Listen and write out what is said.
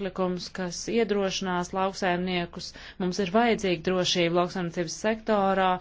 priekšlikums, kas iedrošinās lauksaimniekus. Mums ir vajadzīga drošība lauksaimniecības sektorā,